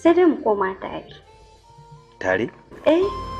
sai dai mu koma tare tare eh